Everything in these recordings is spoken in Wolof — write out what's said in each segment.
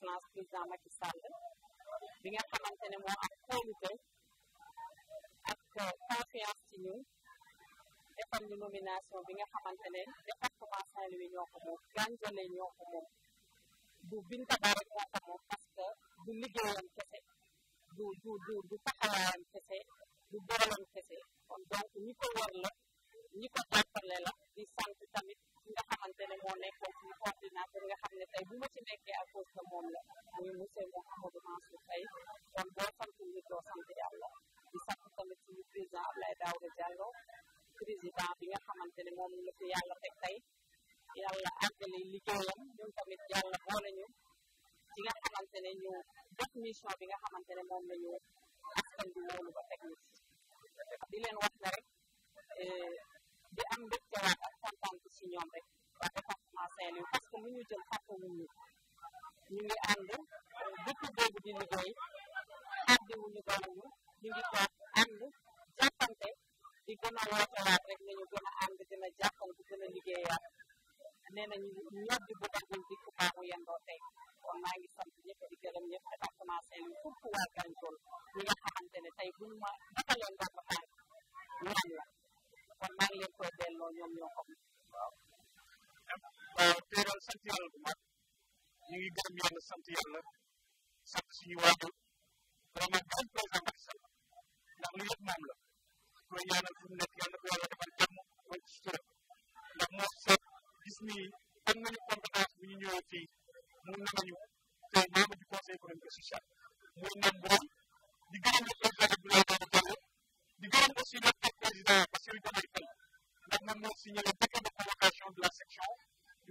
excellence président Macky Sall bi nga xamante ne moo am kóolute ak euh, confiance ci ñun defal ñu nomination bi nga xamante ne département Saint-Louis ñoo ko moom Gandiolé ñoo ko moom du Binta Ba rek moo ko moom parce que du liggéeyam kese du du du du kese du boolam kese kon donc ñi ko wër la ñi ko jàppale la di sant tamit nga xam ne moo nekkoon suñu coordinateur nga xam ne tey bu ma ci nekkee à cause de moom la muy monsieur Mouhamadou Mansour Faye kon boo sant yàlla di sant tamit suñu nga xamante ne moom la fi yàlla teg tey yàlla àggale liggéeyam ñun tamit yàlla boole ñu ci nga xamante ne ñu def mission bi nga xamante ne moom la ñu askan bi wóolu ba teg ñu di leen wax ne rek eh, di am mbégte waat ak kontaan ci ñoom rek waa parce que lu ñu jël fàttali ñu ñu ngi ànd depuis boobu di liggéey àddi wu ñu ñu ngi toog ànd jàppante di gën a wootewaat rek nañu gën a ànd gën a jàppante gën a liggéeyaat nee nañu ñor di bu dañuñ di ku yendoo tey kon maa ngi sant ñëpp di gërëm ñëpp département Saint-Louis surtout waa ne tey buñu ma defalee ndomb tànk ñaan la kon maa ngi leen koy delloo ñoom ñoo ko def euh, te bu mag ñu ngi gërëm yàlla sant la koy ñaanal fu mu nekk yàlla ko yàlla defal jàmm mooy ci ndax moo seet gis ni am nañu compétence bu ñu ñëwee fii mu namañu tey membre du conseil économique social muy nam di gërëm le président Abdoulaye Daouda Diallo di gërëm aussi le président Bassirou Diomaye Faye ndax moom moo signé le décret de convocation de la section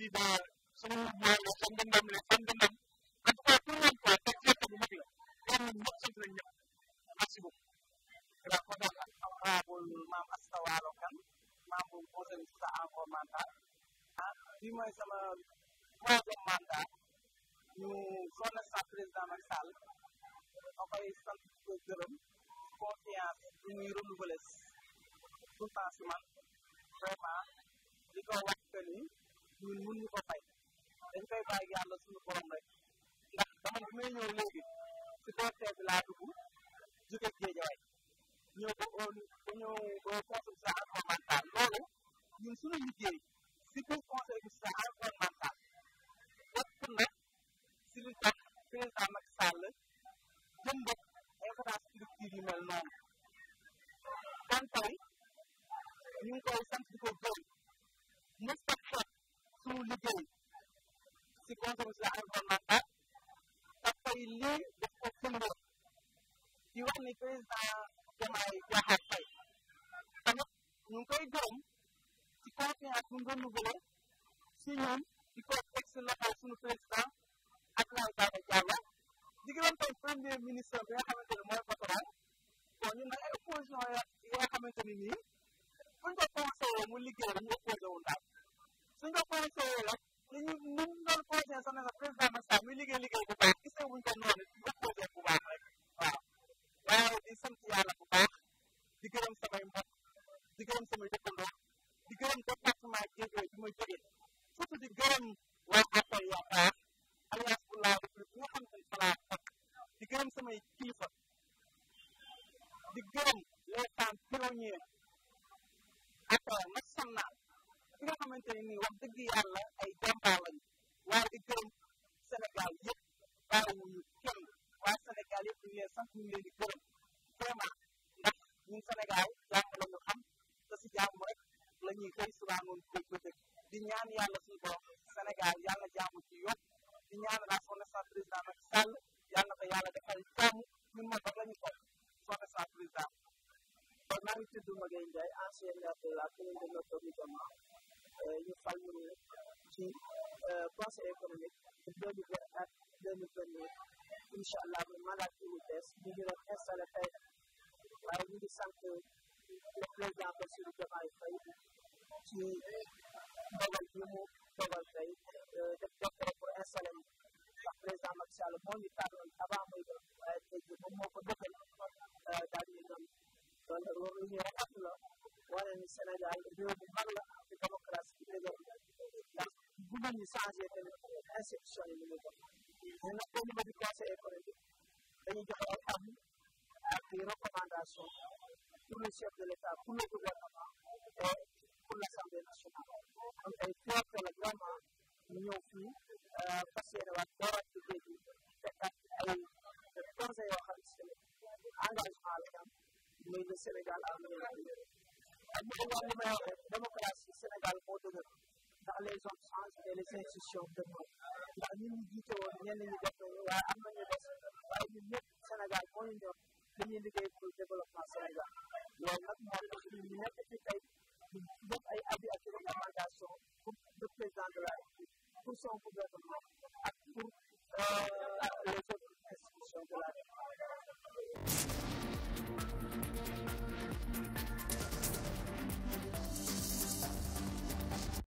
सीधा समझ में संबंधम ले संबंधम कतको पूर्ण को तकिया तो मुझे ये मुझे समझ नहीं आता मासिबो राखोदा अब्बाबुल माम astawalo kan ah di moy sama troisième mandat ñu sonna sa président Macky Sall da koy sant ko gërëm confiance bi ñuy renouveler tout temps ni ñun mënuñu ko fay dañ koy bàyyi yàlla suñu borom rek ndax dama bi may ñëw léegi si portée bi laa dugg jóge Géejawaay ñëw ba au ba ñëw ba construction environnementale loolu ñun suñu liggéey si biir construction environnementale bokk na si li tax président Macky Sall jëmbat infrastructure mel noonu kon tey koy sant di ko gërëm suñu liggéey si conservation environnementale dafay lii daf ko firndeel di wax ni président Diomaye Diakhar Faye tamit ñu ngi koy gërëm ci confiance bu mu renouvelé si ñun di ko teg si loxo suñu président Abdoulaye Daouda Diallo di gërëm tey premier ministre bi nga xamante ne mooy Botoran bon ñun nag ay opposition yoo xamante ne nii buñ ko conseillé mu liggéey rek ñu opposé wul suñ ko conseillé rek dañu ñu doon conseillé sax président Macky muy liggéey liggéey bu baax gisee wuñ ko noonu ñu ko conseillé bu baax rek waaw waaye di sant yàlla bu baax di gërëm samay mbokk di gërëm samay dëkkandoo di gërëm département Guédiawaye bi ma jógee surtout di gërëm waa APR Yaakaar Alliance pour la bi nga xam ne falaa fekk di gërëm samay kilifa di gërëm les femmes pionnières APR national ki nga xamante ni nii wax dëgg yàlla ay jàmbaar lañu waaye di gërëm Sénégal yëpp bàyyiwuñu kenn waa Sénégal yëpp ñu ngi leen sant ñu ngi leen gërëm vraiment ndax ñun Sénégal jàmm la ñu xam te si jàmm rek la ñuy xëy noonu ko bëgg di ñaan yàlla suñu borom Sénégal yàlla jàmm ci yokk di ñaan क्या शेयर करेंगे वीडियो भी वीडियो भी करेंगे इन शर्मा की वीडियो ऐसा लगता है I really something the playground that should get my faith to double humo, double faith, the doctor for SLM, the playground of Salomon, the Tabam, Tabam, the Humo, the Bukan, Daddy, the Roman, the Atula, pour le chef de l'État, pour le gouvernement pour l'Assemblée nationale. kon tey fii la vraiment ñu ñëw fii fas yéene waat doorat ci géej gi ay projet yoo xam engagement la am muy le Sénégal en réalité. ak bu ëllëgoon li may les hommes changent et ndax ñun ñu jiite woon ñenn def waaye am na ñu des waaye ñun ñëpp Sénégal moo ñu li ñuy liggéey pour développement Sénégal loolu nag moo tax ñu nekk ci tey ñu recommandation pour le président de la pour son gouvernement ak pour euh, les autres institutions de la